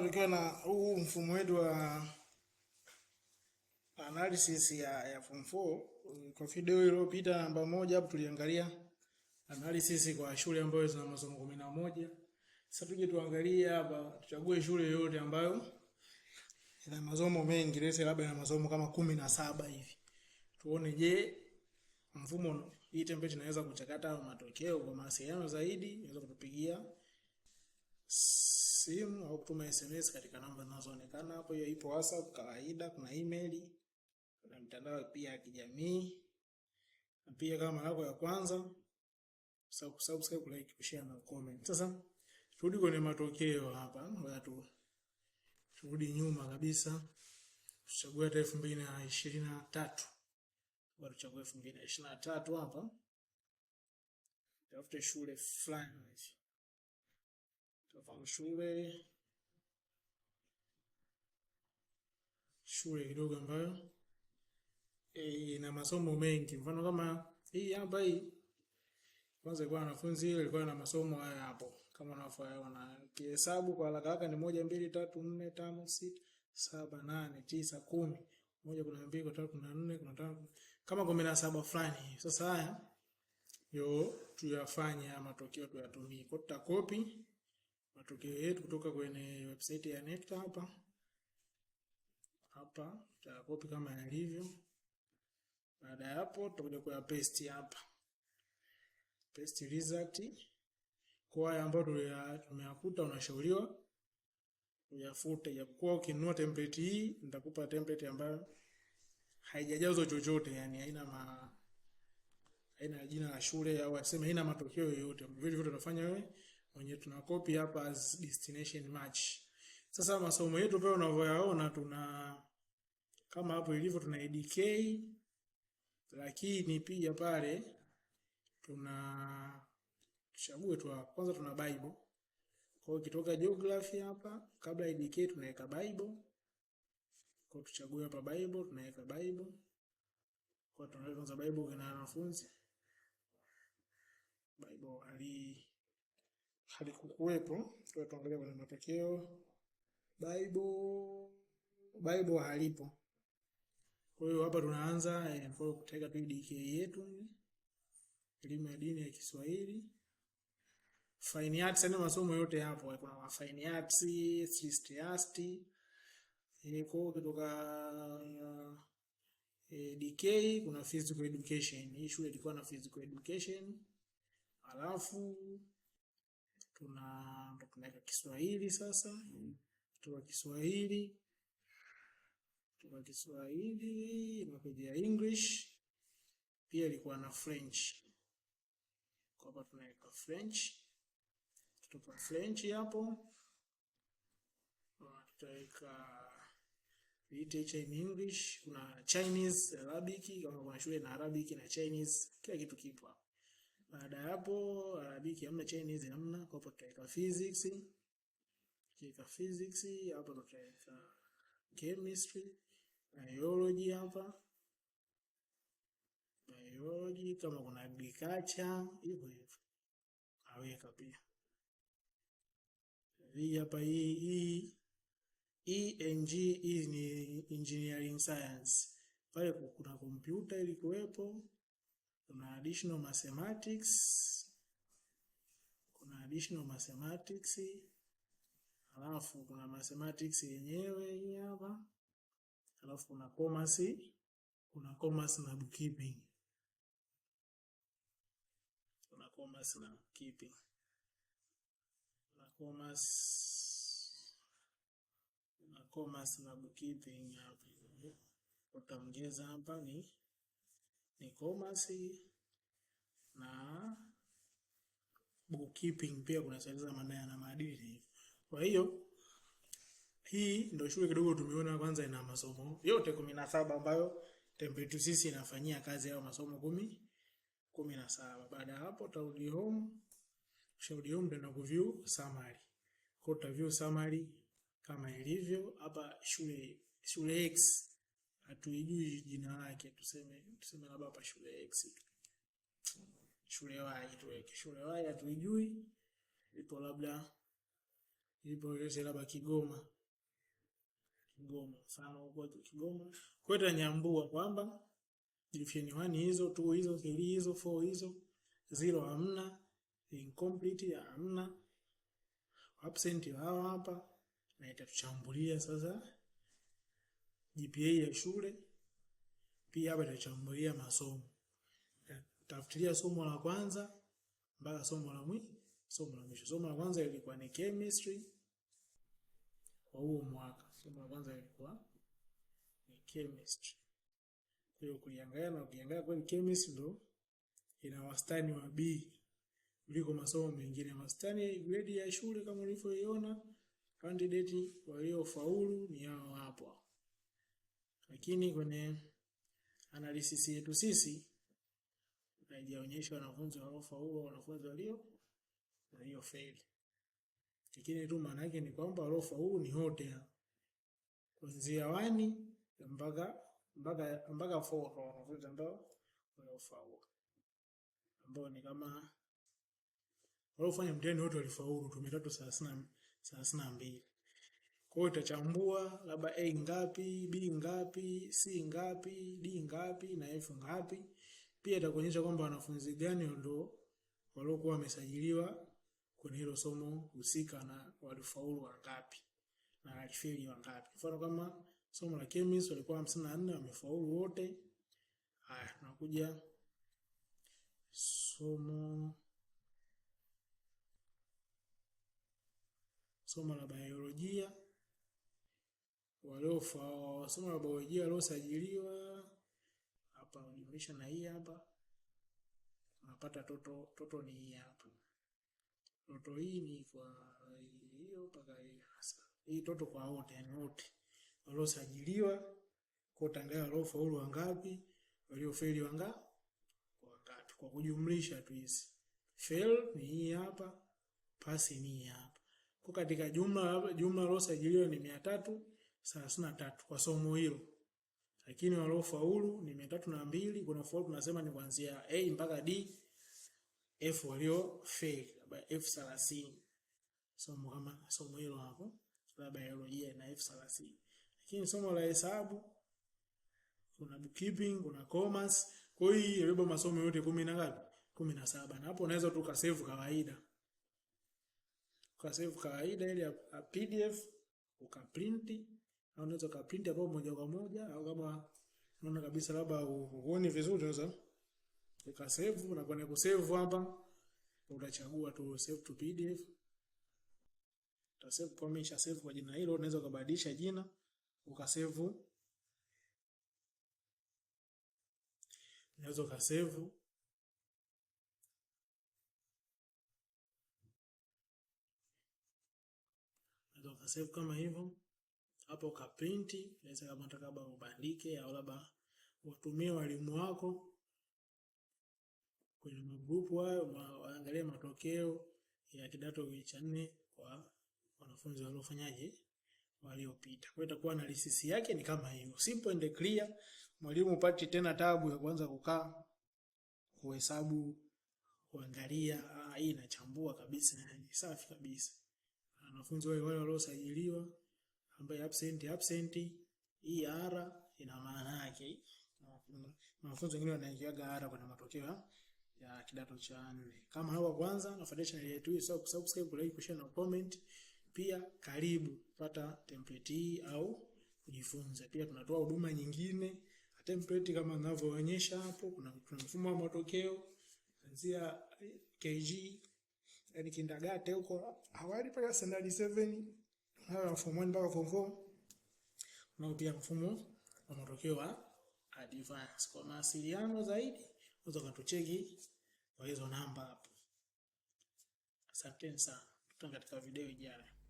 tukiwa na huu mfumo wetu wa analysis ya, ya form 4 kwa video iliyopita namba moja hapo tuliangalia analysis kwa shule ambayo zina masomo kumi na moja. Sasa tuje tuangalie hapa, tuchague shule yoyote ambayo ina masomo mengi, lese labda ina masomo kama kumi na saba hivi, tuone je, mfumo hii template inaweza kuchakata matokeo kwa mawasiliano zaidi, inaweza kutupigia simu au kutuma SMS katika namba zinazoonekana hapo. Hiyo ipo WhatsApp kawaida, kuna email, kuna mtandao pia ya kijamii. Na pia kama mara yako ya kwanza, subscribe, kulike, kushare na comment. Sasa turudi kwenye matokeo hapa, watu turudi nyuma kabisa, tuchague hata elfu mbili na ishirini na tatu bado tuchague elfu mbili na ishirini na tatu hapa, tafute shule fulani hivi shule kidogo ambayo e, ina masomo mengi. Mfano kama hii hapa hii kwanza, ilikuwa wanafunzi ile ilikuwa na masomo haya hapo, kama unavyoona kihesabu kwa haraka haraka ni moja mbili tatu nne tano sita saba nane tisa kumi moja kuna mbili kuna tatu kuna nne kuna tano kama kumi na saba fulani. Sasa haya yo tuyafanye, matokeo tuyatumie, kwa tutakopi matokeo yetu kutoka kwenye website ya NECTA hapa hapa, tutakopi kama yalivyo. Baada ya hapo, tutakuja kuya paste hapa, paste result. Kwa haya ambayo tumeyakuta, unashauriwa uyafute, japokuwa ukinunua template hii nitakupa template ambayo haijajazwa chochote, yani haina ma haina jina la shule au aseme haina matokeo yoyote. Vile vile utafanya wewe mwenye tunakopi hapa as destination match. Sasa masomo yetu pale unavyoyaona, tuna kama hapo ilivyo, tuna EDK lakini pia pale tuna chague tu kwanza, tuna Bible. Kwa hiyo kitoka geography hapa, kabla EDK tunaweka Bible. Kwa tuchague hapa Bible, tunaweka Bible. Kwa hiyo tunaweka kwanza Bible kwa wanafunzi Bible ali halikukuwepo. Kwa tuangalia kwenye matokeo Bible, Bible halipo. Kwa hiyo hapa tunaanza eh, kwa tu DK yetu elimu ya dini ya Kiswahili arts, yani masomo yote hapo, kuna ma finance, sistiasti kwa kutoka e, DK kuna physical education. Hii shule ilikuwa na physical education alafu tuna tunaweka Kiswahili sasa, kutoka Kiswahili kutoka Kiswahili inakuja English, pia ilikuwa na French. Kwa hapa tunaweka French, kutoka French hapo tutaweka literature in English, kuna Chinese, Arabic, kama kuna shule na Arabic na Chinese, kila kitu kipo baada ya hapo Arabic hamna, Chinese hamna, kwa hapo tutaweka physics. Tutaweka physics hapo, tutaweka chemistry, biology hapa. Biology kama kuna agriculture hivyo hivyo. Aweka pia. Hii hapa hii hii ENG hii ni engineering science. Pale kuna kompyuta ilikuwepo. Kuna additional mathematics, kuna additional mathematics, alafu kuna mathematics yenyewe hii hapa, alafu kuna commerce, kuna commerce na bookkeeping, kuna commerce na bookkeeping, kuna commerce na commerce na bookkeeping hapa, utaongeza hapa ni e-commerce na bookkeeping pia kuna sehemu za mada na maadili. Kwa hiyo hii ndio shule kidogo tumeona kwanza ina masomo yote kumi na saba ambayo Tembetu sisi inafanyia kazi hayo masomo kumi kumi na saba. Baada ya hapo tarudi home, tarudi home ndio kuview summary. Kwa hiyo utaview summary kama ilivyo hapa shule shule X hatuijui jina lake, tuseme tuseme labda hapa shule X, shule Y tuweke shule Y, hatuijui ipo, labda ipo yote, labda Kigoma, Kigoma sana huko Kigoma, kwa tutanyambua kwamba division 1 hizo, 2 hizo, 3 hizo, 4 hizo, 0 hamna, incomplete hamna, absent hawa hapa, na itatuchambulia sasa GPA ya shule, pia hapa itachambulia masomo. Tafutilia somo la kwanza mpaka somo la mwisho, somo la mwisho. Somo la kwanza lilikuwa ni chemistry kwa huo mwaka. Somo la kwanza lilikuwa ni chemistry. Kwa hiyo kuliangalia na ukiangalia kwa chemistry ndo ina wastani wa B kuliko masomo mengine. Wastani grade ya shule kama ulivyoiona, candidate waliofaulu ni hao hapo. Lakini kwenye analysis yetu sisi haijaonyesha wanafunzi wa ofa huo wanafunzi walio walio fail. Lakini tu maana yake ni kwamba ofa huu ni wote kuanzia wani mpaka mpaka mpaka 4 kwa wanafunzi ambao waliofaulu ambao ni kama waliofanya mtihani wote walifaulu, tumetatu thelathini na mbili. Kwa hiyo utachambua labda A ngapi, B ngapi, C ngapi, D ngapi na F ngapi. Pia itakuonyesha kwamba wanafunzi gani ndio waliokuwa wamesajiliwa kwenye hilo somo husika na walifaulu wangapi na walifeli wangapi. Mfano kama somo la chemistry walikuwa 54 wamefaulu wote. Haya, tunakuja somo somo la biolojia waliofa wasoma wa biolojia waliosajiliwa hapa unijumlisha na hii hapa unapata toto toto ni hii hapa toto hii ni kwa hiyo mpaka hii toto kwa wote yani wote waliosajiliwa kwa Tanganyika waliofaulu wangapi waliofeli wanga wangapi kwa kujumlisha tu hizi fail ni hii hapa pasi ni hii hapa kwa katika jumla jumla waliosajiliwa ni mia tatu 33 kwa somo hilo, lakini waliofaulu ni 302, Kuna faulu tunasema ni kuanzia A mpaka D, F waliofeli labda F 30. somo kama somo hilo hapo la biolojia na F 30. Lakini somo la hesabu kuna bookkeeping, kuna commerce. Kwa hiyo labda masomo yote 10 na ngapi? 17. na hapo unaweza tu kasave kawaida ukasave kawaida ile ya PDF ukaprinti au unaweza ka hapo moja kwa moja, au kama unaona kabisa labda uone vizuri, unaweza ka save na kwenda ku save hapa, utachagua tu save to PDF, uta save kwa mimi save kwa jina hilo. Unaweza kubadilisha jina ukasave, unaweza ukasave unaweza ukasave kama hivyo hapo ukaprinti, unaweza kama unataka labda ubandike au labda watumie walimu wako kwenye magrupu hayo, waangalie matokeo ya kidato cha nne kwa wanafunzi waliofanyaje waliopita. Kwa hiyo itakuwa analysis yake ni kama hiyo, simple and clear. Mwalimu upati tena tabu ya kuanza kukaa kuhesabu kuangalia, ah, hii inachambua kabisa, ni safi kabisa. Wanafunzi wale wale waliosajiliwa ambayo absent absent, hii r ina maana yake. Mafunzo mengine wanaingiaga ara kwenye matokeo ya kidato cha nne. Kama hapo kwanza, na foundation yetu hii, subscribe kwa like share na comment. Pia karibu pata template hii au kujifunza. Pia tunatoa huduma nyingine template kama ninavyoonyesha hapo. Kuna mfumo wa matokeo kuanzia KG, yani kindergarten huko awali paka standard 7 form 1 mpaka form unao pia mfumo wa matokeo wa advance. Kwa mawasiliano zaidi unaweza kutucheki kwa hizo namba hapo. Asanteni sana, tutana katika video ijayo.